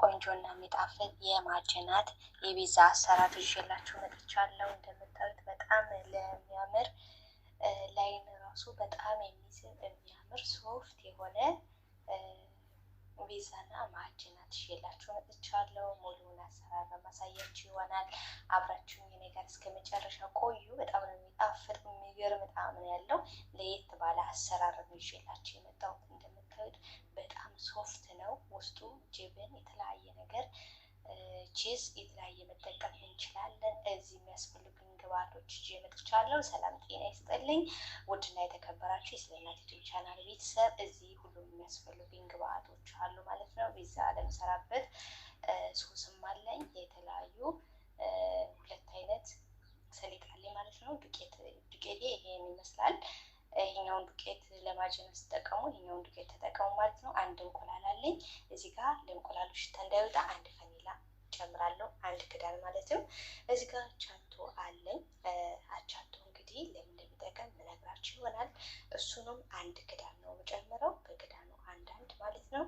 ቆንጆና የሚጣፍጥ የማጀናት የፒዛ አሰራር ይዤላችሁ መጥቻለሁ። እንደምታዩት በጣም ለሚያምር ላይን ራሱ በጣም የሚስብ የሚያምር ሶፍት የሆነ ፒዛና ማጀናት ይዤላችሁ መጥቻለሁ። ሙሉውን አሰራር በማሳያችሁ ይሆናል። አብራችሁ ነገር እስከ መጨረሻ ቆዩ። በጣም ነው የሚጣፍጥ የሚገርም ጣዕም ያለው። ለየት ባለ አሰራር ነው ይዤላችሁ የመጣሁት። ሜተድ በጣም ሶፍት ነው። ውስጡ ጅብን የተለያየ ነገር ቺዝ የተለያየ መጠቀም እንችላለን። እዚህ የሚያስፈልጉኝ ግብአቶች ይዤ መጥቻለሁ። ሰላም ጤና ይስጥልኝ ውድና የተከበራችሁ የስለና ዩቲዩብ ቻናል ቤተሰብ፣ እዚህ ሁሉም የሚያስፈልጉኝ ግብአቶች አሉ ማለት ነው። ቤዛ ለምሰራበት ሶስም አለኝ የተለያዩ ሁለት አይነት ሰሊጥ አለኝ ማለት ነው። ዱቄት ዱቄቴ ይሄን ይመስላል። ይሄኛውን ዱቄት ለማጅን ስትጠቀሙ ይሄኛውን ዱቄት ተጠቀሙ ማለት ነው። አንድ እንቁላል አለኝ እዚህ ጋር ለእንቁላሉ ሽታ እንዳይወጣ አንድ ፈኒላ ጨምራለሁ፣ አንድ ክዳን ማለት ነው። እዚህ ጋር ቻቶ አለኝ። አቻቶ እንግዲህ ለምን እንደሚጠቀም ምነግራችሁ ይሆናል። እሱንም አንድ ክዳን ነው የምጨምረው፣ በክዳኑ አንዳንድ ማለት ነው።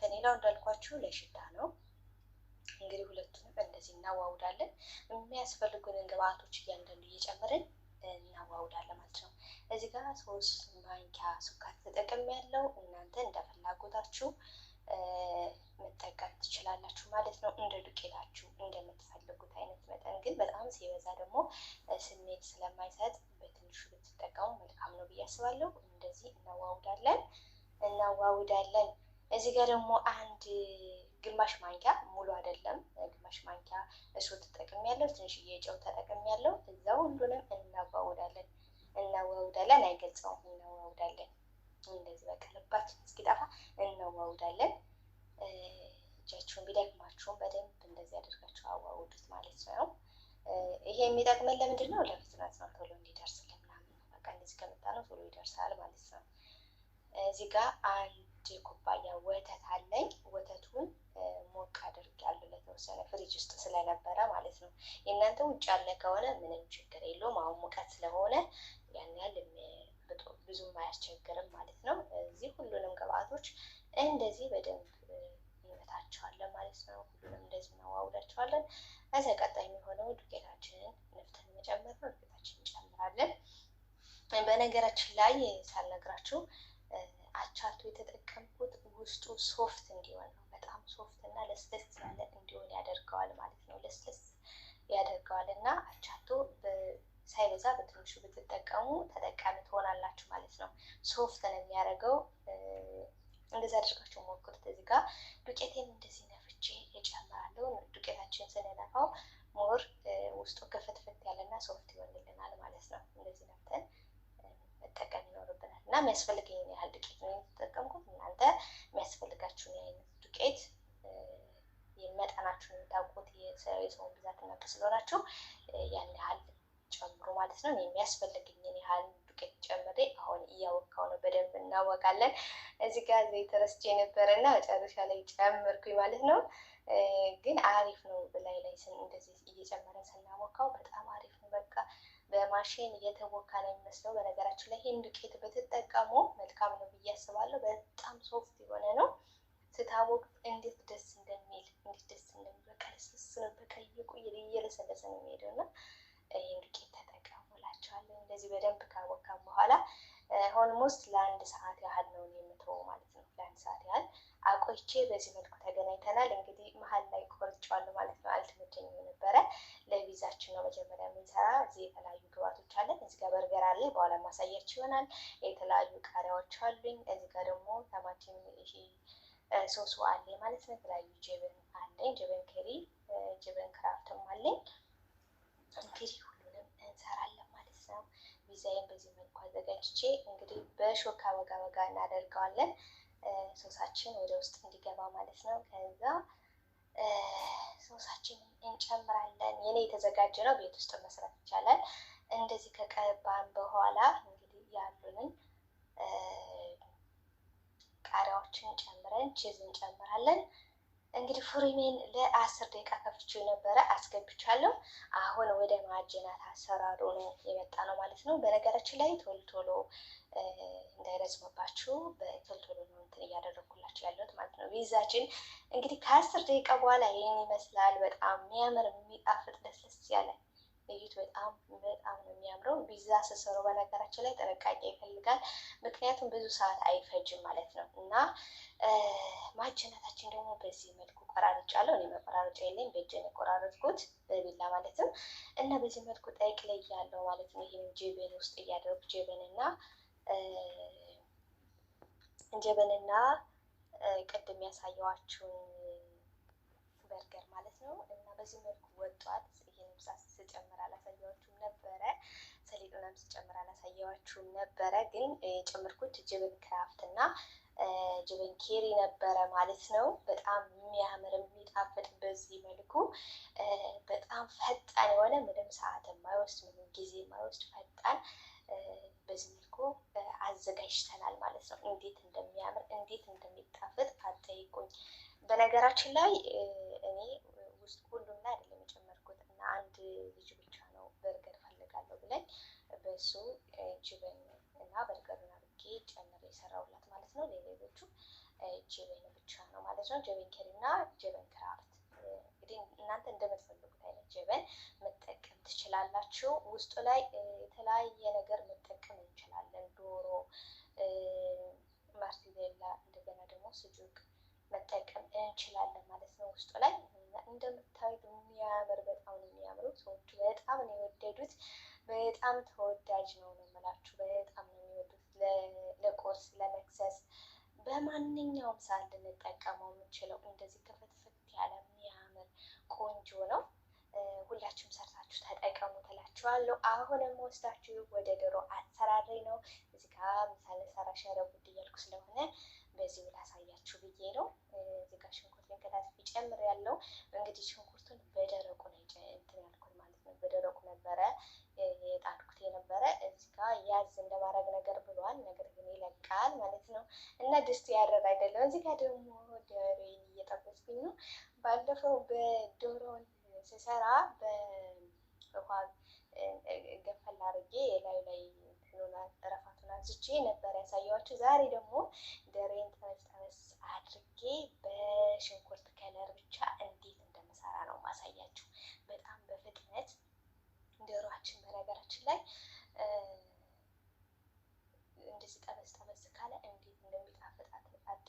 ፈኒላው እንዳልኳችሁ ለሽታ ነው። እንግዲህ ሁለቱንም እንደዚህ እናዋውዳለን። የሚያስፈልጉንን ግብአቶች እያንዳንዱ እየጨምርን እዚህ ጋር ሶስት ማንኪያ ስኳር ተጠቅም ያለው እናንተ እንደ ፍላጎታችሁ መጠቀም ትችላላችሁ ማለት ነው። እንደ ዱቄታችሁ እንደምትፈልጉት አይነት መጠን ግን በጣም ሲበዛ ደግሞ ስሜት ስለማይሰጥ በትንሹ ብትጠቀሙ መልካም ነው ብዬ አስባለሁ። እንደዚህ እናዋውዳለን እናዋውዳለን። እዚህ ጋር ደግሞ አንድ ግማሽ ማንኪያ ሙሉ አይደለም፣ ግማሽ ማንኪያ እሱ ተጠቅም ያለው ትንሽዬ ጨው ተጠቅም ያለው እዛው ሁሉንም እናዋውዳለን። እንወውዳለን አይገልጸውም። እንወውዳለን እንደዚህ በቃ ልባችን እስኪጠፋ እንወውዳለን። እጃችሁን ቢደግማችሁም በደንብ እንደዚህ አድርጋችሁ አዋውዱት ማለት ነው። ይሄ የሚጠቅመን ለምንድን ነው? ለፍጥነት ነው፣ ቶሎ እንዲደርስልን ምናምን ነው። በቃ እንደዚህ ከመጣ ነው ቶሎ ይደርሳል ማለት ነው። እዚህ ጋር አንድ ኩባያ ወተት አለኝ። ወተቱን ሞቅ አድርጌያለሁ ለተወሰነ ፍሪጅ ውስጥ ስለነበረ ማለት ነው። የእናንተ ውጭ ያለ ከሆነ ምንም ችግር የለውም። አሁን ሙቀት ስለሆነ ያን ያህል ብዙም አያስቸግርም ማለት ነው። እዚህ ሁሉንም ግብአቶች እንደዚህ በደንብ እንመታቸዋለን ማለት ነው። ሁሉንም እንደዚህ እናዋውዳቸዋለን። ከዛ ቀጣይ የሚሆነው ዱቄታችንን ነፍተን መጨመር ነው። ዱቄታችን እንጨምራለን። በነገራችን ላይ ሳልነግራችሁ አቻቶ የተጠቀምኩት ውስጡ ሶፍት እንዲሆን ነው። በጣም ሶፍት እና ለስለስ ያለ እንዲሆን ያደርገዋል ማለት ነው። ለስለስ ያደርገዋል እና አቻቶ ሳይበዛ በትንሹ ብትጠቀሙ ተጠቃሚ ትሆናላችሁ ማለት ነው። ሶፍት ነው የሚያደርገው። እንደዚ አድርጋችሁ ሞክሩት። እዚህ ጋ ዱቄቴን እንደዚህ ነፍቼ እጨምራለሁ። ዱቄታችን ስንነፋው ሞር ውስጡ ክፍትፍት ያለና ሶፍት ይሆንልናል ማለት ነው። እንደዚህ ነፍተን መጠቀም ይኖርብናል እና የሚያስፈልገኝን ያህል ዱቄት ነው የተጠቀምኩት። እናንተ የሚያስፈልጋችሁን የአይነት ዱቄት የመጠናችሁን የምታውቁት የሰውን ብዛት እና ስለሆናችሁ ያን ያህል ጨምሮ ማለት ነው። የሚያስፈልግኝን ያህል ዱቄት ጨምሬ አሁን እያወካው ነው። በደንብ እናወቃለን። እዚህ ጋር ዘይት ረስቼ ነበረ እና መጨረሻ ላይ ጨምርኩኝ ማለት ነው። ግን አሪፍ ነው። በላይ ላይ እንደዚህ እየጨመረን ስናወካው በጣም አሪፍ ነው። በቃ በማሽን እየተወካ ነው የሚመስለው። በነገራችን ላይ ይህን ዱቄት ብትጠቀሙ መልካም ነው ብዬ አስባለሁ። በጣም ሶፍት የሆነ ነው። ስታወቅ እንዴት ደስ እንደሚል እንዴት ደስ እንደሚል በቃ ስስ ነው። በቃ እየቆየ እየለሰለሰ ነው የሚሄደው እና ይህን ዱቄት ተጠቀሙ እላቸዋለሁ። እንደዚህ በደንብ ካቦካም በኋላ ኦልሞስት ለአንድ ሰዓት ያህል ነው የምትወው ማለት ነው። ለአንድ ሰዓት ያህል አቆይቼ በዚህ መልኩ ተገናኝተናል። እንግዲህ መሀል ላይ ቆርጫዋለሁ ማለት ነው። አልተመቸኝም የነበረ ለቪዛችን ነው መጀመሪያ የምንሰራ። እዚህ የተለያዩ ግባቶች አለን። እዚህ ጋር በርገር አለ፣ በኋላ ማሳያች ይሆናል። የተለያዩ ቃሪያዎች አሉኝ። እዚህ ጋር ደግሞ ተማቲም ይሄ ሶሶ አለ ማለት ነው። የተለያዩ ጀብን አለኝ፣ ጀብን ከሪ፣ ጀብን ክራፍትም አለኝ። እንግዲህ ሁሉንም እንሰራለን ማለት ነው። ዲዛይን በዚህ መልኩ አዘጋጅቼ እንግዲህ በሾካ ወጋ ወጋ እናደርገዋለን ሶሳችን ወደ ውስጥ እንዲገባ ማለት ነው። ከዛ ሶሳችን እንጨምራለን። የኔ የተዘጋጀ ነው፣ ቤት ውስጥ መስራት ይቻላል። እንደዚህ ከቀባን በኋላ እንግዲህ ያሉንን ቃሪያዎችን ጨምረን ቺዝ እንጨምራለን። እንግዲህ ፍሪሜን ለአስር ደቂቃ ከፍቼ ነበረ አስገብቻለሁ። አሁን ወደ ማዕጅናት አሰራሩ ነው የመጣ ነው ማለት ነው። በነገራችን ላይ ቶልቶሎ እንዳይረዝምባችሁ በቶልቶሎ ቶሎ ነው እንትን እያደረግኩላችሁ ያለሁት ማለት ነው። ቪዛችን እንግዲህ ከአስር ደቂቃ በኋላ ይህን ይመስላል። በጣም የሚያምር የሚጣፍጥ ደስ ያለ እዩት። በጣም በጣም ነው የሚያምረው። ቪዛ ስሰሩ በነገራችን ላይ ጥንቃቄ ይፈልጋል። ምክንያቱም ብዙ ሰዓት አይፈጅም ማለት ነው እና ማጀነታችን ደግሞ በዚህ መልኩ ቆራርጫለሁ። እኔ መቆራረጫ የለኝ በእጅ ነው የቆራረጥኩት በቢላ ማለትም እና በዚህ መልኩ ጠቅ ላይ ያለው ማለት ነው። ይህን ጀበን ውስጥ እያደረጉ ጀበንና ጀበንና ቅድም ያሳየዋችሁን በርገር ማለት ነው እና በዚህ መልኩ ወጧል። ጨምራም ስጨምር አላሳየዋችሁም ነበረ፣ ግን የጨምርኩት ጅብን ክራፍት እና ጅብን ኬሪ ነበረ ማለት ነው። በጣም የሚያምር የሚጣፍጥ በዚህ መልኩ በጣም ፈጣን የሆነ ምንም ሰዓት የማይወስድ ምንም ጊዜ የማይወስድ ፈጣን በዚህ መልኩ አዘጋጅተናል ማለት ነው። እንዴት እንደሚያምር እንዴት እንደሚጣፍጥ አጠይቁኝ። በነገራችን ላይ እኔ ውስጥ ሁሉም ላይ አይደለም በሶ ጅብን እና በርገሩን አድርጌ ጨምሬ የሰራውላት ማለት ነው። ለሌሎቹ ጅብን ብቻ ነው ማለት ነው። ጅብን ኬሪ እና ጅብን ክራፍት እንግዲህ እናንተ እንደምትፈልጉት አይነት ጅብን መጠቀም ትችላላችሁ። ውስጡ ላይ የተለያየ ነገር መጠቀም እንችላለን። ዶሮ፣ ማርቲቤላ እንደገና ደግሞ ስጁቅ መጠቀም እንችላለን ማለት ነው። ውስጡ ላይ እንደምታዩት የሚያምር በጣም ነው የሚያምሩት። ሰዎቹ በጣም ነው የወደዱት። በጣም ተወዳጅ ነው ነው የምላችሁ። በጣም ነው የሚወዱት። ለቁርስ ለመክሰስ፣ በማንኛውም ሰዓት ልንጠቀመው የምንችለው እንደዚህ ክፍትፍት ያለ የሚያምር ቆንጆ ነው። ሁላችሁም ሰርታችሁ ተጠቀሙ ትላችኋለሁ። አሁን የምወስዳችሁ ወደ ዶሮ አሰራሬ ነው። እዚህ ጋር ምሳሌ ሰራ ሸረ ጉድ እያልኩ ስለሆነ በዚህ ላሳያችሁ ብዬ ነው። እዚህ ጋር ሽንኩርቱን ከታትፊ ጨምር ያለው እንግዲህ ሽንኩርቱን በደረቁ ነው እንትን ያልኩት ማለት ነው። በደረቁ ነበረ እና ድስት ያደረግ አይደለም። እዚህ ጋር ደግሞ ደሬን እየጠበስኩኝ ነው። ባለፈው በዶሮን ስሰራ በውሃ ገፈል አድርጌ ላይ ላይ ረፋቱን አዝቼ ነበር ያሳየዋችሁ። ዛሬ ደግሞ ደሬን ጠበስ አድርጌ በሽንኩርት ከለር ብቻ እንዴት እንደምሰራ ነው ማሳያችሁ። በጣም በፍጥነት ዶሮችን በነገራችን ላይ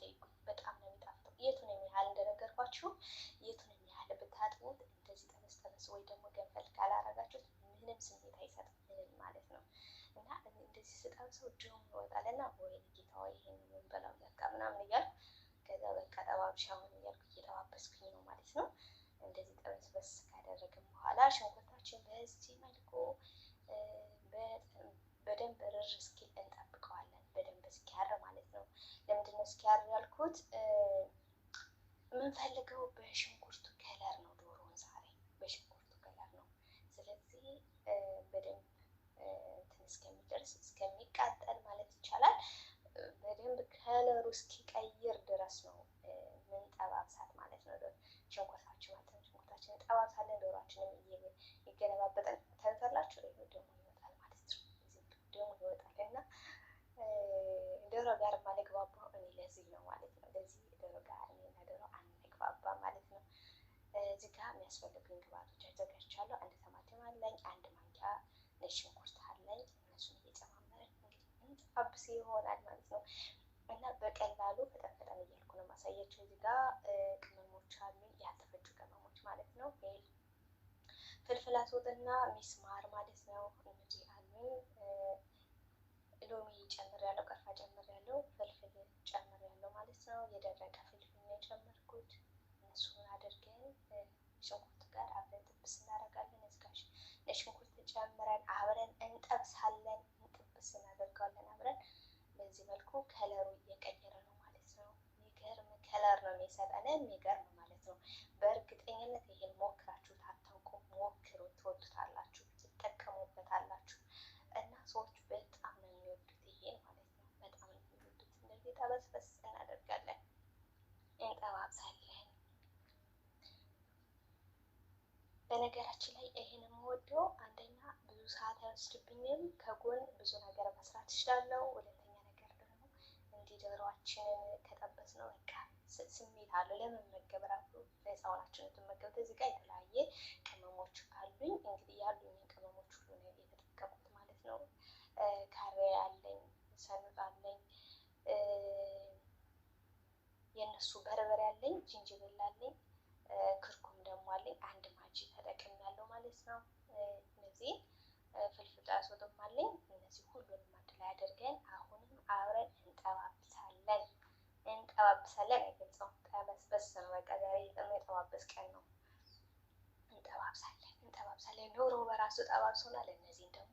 አትጠይቁኝ። በጣም ነው የሚጣፍጠው። የቱንም ያህል እንደነገርኳችሁ የቱንም ያህል ብታጥቡት እንደዚህ ጠበስ ጠበስ ወይ ደግሞ ገንፈል ካላረጋችሁት ምንም ስሜት አይሰጥም። ምንም ማለት ነው እና እንደዚህ ስጠብሰው ድሮም ይወጣል እና ወይ ጌታ ወይ ይሄን የምንበላው በቃ ምናምን እያልኩ ከዛ በቃ ጠባብሻውን እያልኩ እየጠባበስኩኝ ነው ማለት ነው። እንደዚህ ጠበስ በስ ካደረግን በኋላ ሽንኩርታችን በዚህ መልኩ በደንብ እስኪያር ያልኩት የምንፈልገው በሽንኩርቱ ከለር ነው። ዶሮውን ዛሬ በሽንኩርቱ ከለር ነው። ስለዚህ በደንብ እንትን እስከሚደርስ እስከሚቃጠል ማለት ይቻላል በደንብ ከለሩ እስኪቀይር ድረስ ነው ምንጠባብሳት ማለት ነው። ሽንኩርታችን ማለት ነው። ሽንኩርታችን እንጠባብሳለን። ዶሯችንን ይገለባበጠን ተንፈላችሁ ደግሞ ይወጣል ማለት ነው። ደግሞ ይወጣል እና ዶሮ ጋር ማለት እንደዚህ ነው ማለት ነው። እንደዚህ ዶሮ ጋር እኔና ዶሮ አንግባባ ማለት ነው። እዚህ ጋር የሚያስፈልጉኝ ግብአቶች አዘጋጅቻለሁ። አንድ ቲማቲም አለኝ፣ አንድ ማንኪያ ነጭ ሽንኩርት አለኝ። እነሱን እየጨማመርን እንግዲህ አብስ ይሆናል ማለት ነው እና በቀላሉ ፈጠን ፈጠን እያልኩ ነው ማሳያቸው። እዚህ ጋር ቅመሞች አሉኝ፣ ያልተፈጩ ቅመሞች ማለት ነው። ፍልፍል እና ሚስማር ማለት ነው። እነዚህ አሉኝ። ሎሚ ጨምር ያለው ቀርፋ ጨምር ያለው ጨመርኩት። እሱን አድርገን ሽንኩርት ጋር አብረን ጥብስ እናደርጋለን። እዚጋሽ ለሽንኩርት ጨምረን አብረን እንጠብሳለን። እንጥብስ እናደርገዋለን አብረን። በዚህ መልኩ ከለሩ እየቀየረ ነው ማለት ነው። የሚገርም ከለር ነው የሚሰጠን፣ የሚገርም ማለት ነው። በእርግጠኝነት ይሄን ሞክራችሁት አታውቁም። ሞክሩ፣ ትወዱታላችሁ፣ ትጠቀሙበታላችሁ። እና ሰዎች በጣም ነው የሚወዱት ይሄን ማለት ነው። በጣም ነው የሚወዱት እንደዚህ ጠበስበስ በነገራችን ላይ ይህን የምወደው አንደኛ ብዙ ሰዓት አይወስድብኝም፣ ከጎን ብዙ ነገር መስራት እችላለሁ። ሁለተኛ ነገር ደግሞ እንዲህ ዶሮዋችንን ከጠበስ ነው በቃ ስሜት አለው ለመመገብ ራሱ ነው የምትመገቡት እዚህ ጋር የተለያየ ቅመሞች አሉኝ። እንግዲህ ያሉኝ ቅመሞች ሁሉ ነው የተጠቀምኩት ማለት ነው። ካሬ አለኝ፣ ሰሊጥ አለኝ፣ የእነሱ በርበሬ አለኝ፣ ጅንጅብል አለኝ ክርኩም ደግሞ አለኝ። አንድ ማጂ ተጠቅም ያለው ማለት ነው። እነዚህ ፍልፍል ጣሶጥም አለኝ። እነዚህ ሁሉንም አንድ ላይ አድርገን አሁንም አብረን እንጠባብሳለን። እንጠባብሳለን አይገልጸውም። ጠበስበስ ነው። በቃ ዛሬ የጠባበስ ቀን ነው። እንጠባብሳለን፣ እንጠባብሳለን። ዶሮ በራሱ ጠባብሶናል። እነዚህን ደግሞ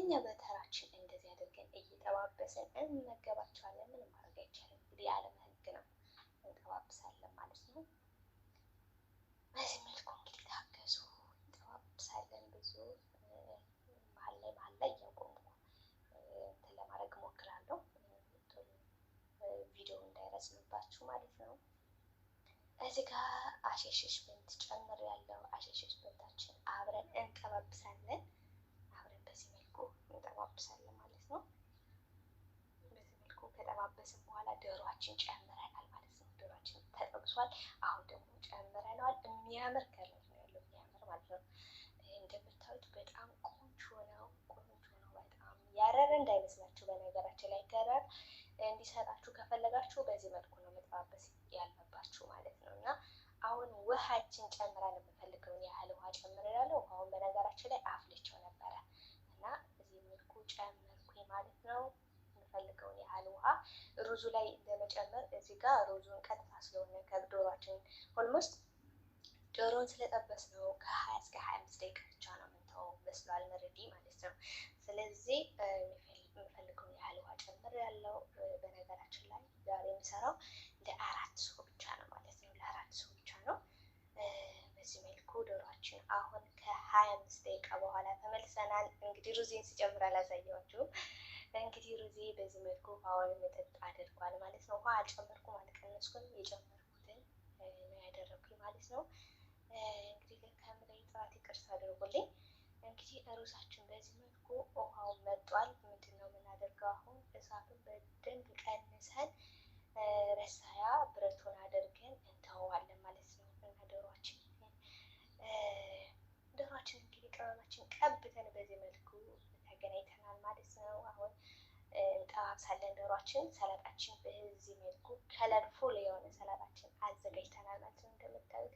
እኛ በተራችን እንደዚህ አድርገን እየጠባበስን እንመገባቸዋለን። ምንም ማድረግ አይቻልም። እንግዲህ የዓለም ነው። እንጠባብሳለን ማለት ነው። ሲሆን መሀል ላይ መሀል ላይ እያቆምኩ እንትን ለማድረግ እሞክራለሁ። ቪዲዮ እንዳይረዝምባችሁ ማለት ነው። እዚህ ጋር ብንት ጨምር ያለው አሸሸሽ ብንታችን አብረን እንጠባብሳለን። አብረን በዚህ መልኩ እንጠባብሳለን ማለት ነው። በዚህ መልኩ ከጠባበስን በኋላ ዶሯችን ጨምረናል ማለት ነው። ዶሯችን ተጠብሷል። አሁን ደግሞ ጨምረናል። የሚያምር ከለር ነው ያለው፣ የሚያምር ማለት ነው። እንደምታዩት በጣም ቆንጆ ነው፣ ቆንጆ ነው በጣም ያረረ እንዳይመስላችሁ። በነገራችን ላይ ገረር እንዲሰጣችሁ ከፈለጋችሁ በዚህ መልኩ ነው መጥባበስ ያለባችሁ ማለት ነው። እና አሁን ውሃችን ጨምረን የምፈልገውን ያህል ውሃ ጨምሬያለሁ። ውሃውን በነገራችን ላይ አፍልቼው ነበረ እና በዚህ መልኩ ጨምርኩኝ ማለት ነው። የምፈልገውን ያህል ውሃ ሩዙ ላይ ለመጨመር እዚህ ጋር ሩዙን ቀጥታ ስለሆነ ከዶሯችን ኦልሞስት ዶሮን ስለጠበስ ነው ከሀያ እስከ 25 አምስት ደቂቃ ብቻ ነው የምንተወው፣ በስሏል መረዲ ማለት ነው። ስለዚህ የምፈልገውን ያህል ውሃ ጨምር ያለው። በነገራችን ላይ ዛሬ የሚሰራው ለአራት ሰው ብቻ ነው ማለት ነው፣ ለአራት ሰው ብቻ ነው። በዚህ መልኩ ዶሯችን አሁን ከሀያ አምስት ደቂቃ በኋላ ተመልሰናል። እንግዲህ ሩዜን ሲጨምር አላሳየኋችሁም። እንግዲህ ሩዜ በዚህ መልኩ ውሃውን መጠጥ አድርጓል ማለት ነው። ውሃ አልጨመርኩም፣ አልቀነስኩም፣ የጨመርኩትን ያደረኩኝ ማለት ነው። እንግዲህ ከምላይ ጥራት ይቅርታ አድርጉልኝ። እንግዲህ ሩዛችን በዚህ መልኩ ውሃውን መጧል። ምንድን ነው የምናደርገው አሁን? እሳቱን በደንብ ቀንሰን ረሳያ ብረቱን አድርገን እንተወዋለን ማለት ነው እና ዶሯችን ዶሯችን እንግዲህ ቅመማችን ቀብተን በዚህ መልኩ ተገናኝተናል ማለት ነው አሁን በጣም ሳለ ዶሯችን ሰላጣችን በዚህ መልኩ ከለርፉል የሆነ ሰላጣችን አዘጋጅተናል ማለት ነው። እንደምታዩት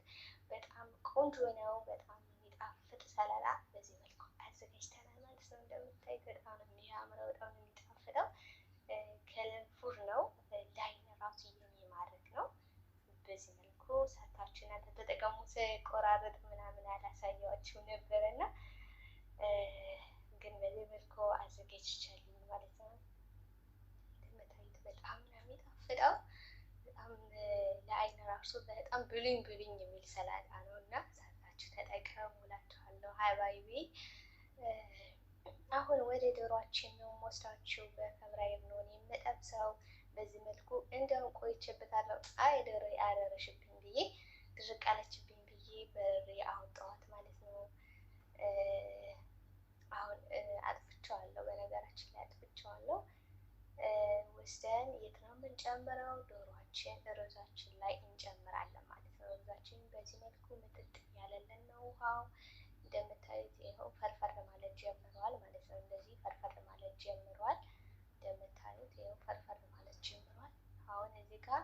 በጣም ቆንጆ ነው። በጣም የሚጣፍጥ ሰላጣ በዚህ መልኩ አዘጋጅተናል ማለት ነው። እንደምታዩት በጣም የሚያምረው በጣም የሚጣፍጠው ከለርፉል ነው። ለዓይን ራሱ የሚማርክ ነው። በዚህ መልኩ ሰርታችሁና ተጠቀሙት። ቆራረጥ ምናምን አላሳያችሁ ነበረ እና ግን በዚህ መልኩ አዘጋጅቻለሁ። የሚጣፍጠው በጣም ለአይን ራሱ በጣም ብሉኝ ብሉኝ የሚል ሰላጣ ነው እና ሰርታችሁ ተጠቀሙ እላችኋለሁ። ሀይባይቤ አሁን ወደ ዶሯችን ነው የምወስዳችሁ። በከብራዊ የሚሆን የምጠብሰው በዚህ መልኩ እንደውም ቆይቼበታለሁ። አይ ዶሮ አረረሽብኝ ብዬ ድርቅ አለችብኝ ብዬ በሬ አወጣኋት ማለት ነው። አሁን አጥፍቼዋለሁ፣ በነገራችን ላይ አጥፍቼዋለሁ። ወስደን የት ነው የምንጨምረው? ዶሯችን ሮዛችን ላይ እንጨምራለን ማለት ነው። ሮዛችን በዚህ መልኩ ምጥጥ እያለልን ነው ውሃው። እንደምታዩት ይኸው ፈርፈር ማለት ጀምሯል ማለት ነው። እንደዚህ ፈርፈር ማለት ጀምሯል። እንደምታዩት ይኸው ፈርፈር ማለት ጀምሯል። አሁን እዚህ ጋር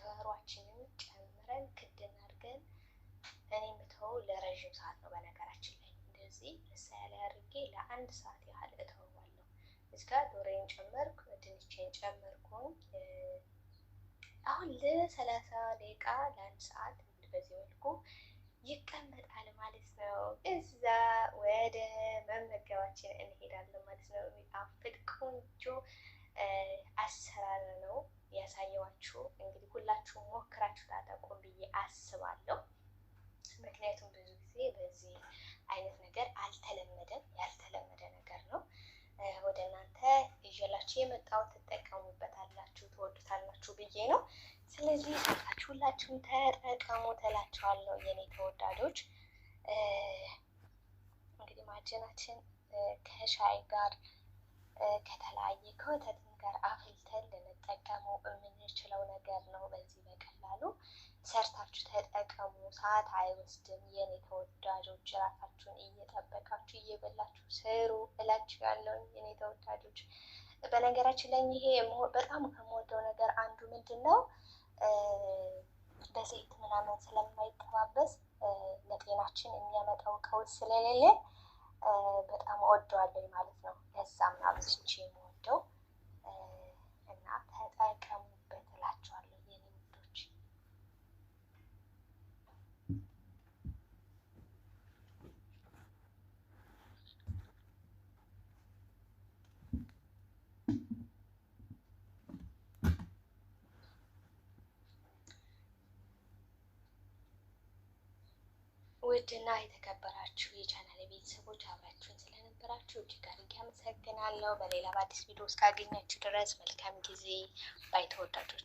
ዶሯችንን ጨምረን ክድን አድርገን እኔ የምተወው ለረዥም ሰዓት ነው በነገራችን ላይ እንደዚህ እሳ አድርጌ ለአንድ ሰዓት ያህል እተው እዚህ ጋር ዶሮዬን ጨመርኩ፣ ድንቼን ጨመርኩኝ። አሁን ለሰላሳ ደቂቃ ለአንድ ሰዓት በዚህ መልኩ ይቀመጣል ማለት ነው። እዛ ወደ መመገባችን እንሄዳለን ማለት ነው። የሚጣፍጥ ቆንጆ አሰራር ነው ያሳየዋችሁ። እንግዲህ ሁላችሁም ሞክራችሁ ታጠቁም ብዬ አስባለሁ። ምክንያቱም ብዙ ጊዜ በዚህ አይነት ነገር አልተለመደም ያልተለመደ ወደ እናንተ ይዤላችሁ የመጣው ትጠቀሙበታላችሁ፣ ትወዱታላችሁ ብዬ ነው። ስለዚህ ሰርታችሁ ሁላችሁም ተጠቀሙ ተላችኋለሁ የኔ ተወዳጆች። እንግዲህ ማጀናችን ከሻይ ጋር ከተለያየ ከወተትም ጋር አፍልተን ልንጠቀመው የምንችለው ነገር ነው። በዚህ በቀላሉ ሰርታችሁ ተጠቀሙ። ሰዓት አይወስድም። የኔ ተወዳጆች ራሳችሁን እየጠበቃችሁ እየበላችሁ ስሩ እላችሁ ያለውን የኔ ተወዳጆች። በነገራችን ላይ ይሄ በጣም ከምወደው ነገር አንዱ ምንድን ነው በዘይት ምናምን ስለማይጠባበስ ለጤናችን የሚያመጣው ቀውስ ስለሌለ በጣም እወደዋለሁ ማለት ነው። ለዛም አብዝቼ የምወደው ውድና የተከበራችሁ የቻናል ቤተሰቦች አብራችሁን ስለነበራችሁ እጅግ አድርጌ አመሰግናለሁ። በሌላ በአዲስ ቪዲዮ እስካገኛችሁ ድረስ መልካም ጊዜ ባይ ተወዳጆች።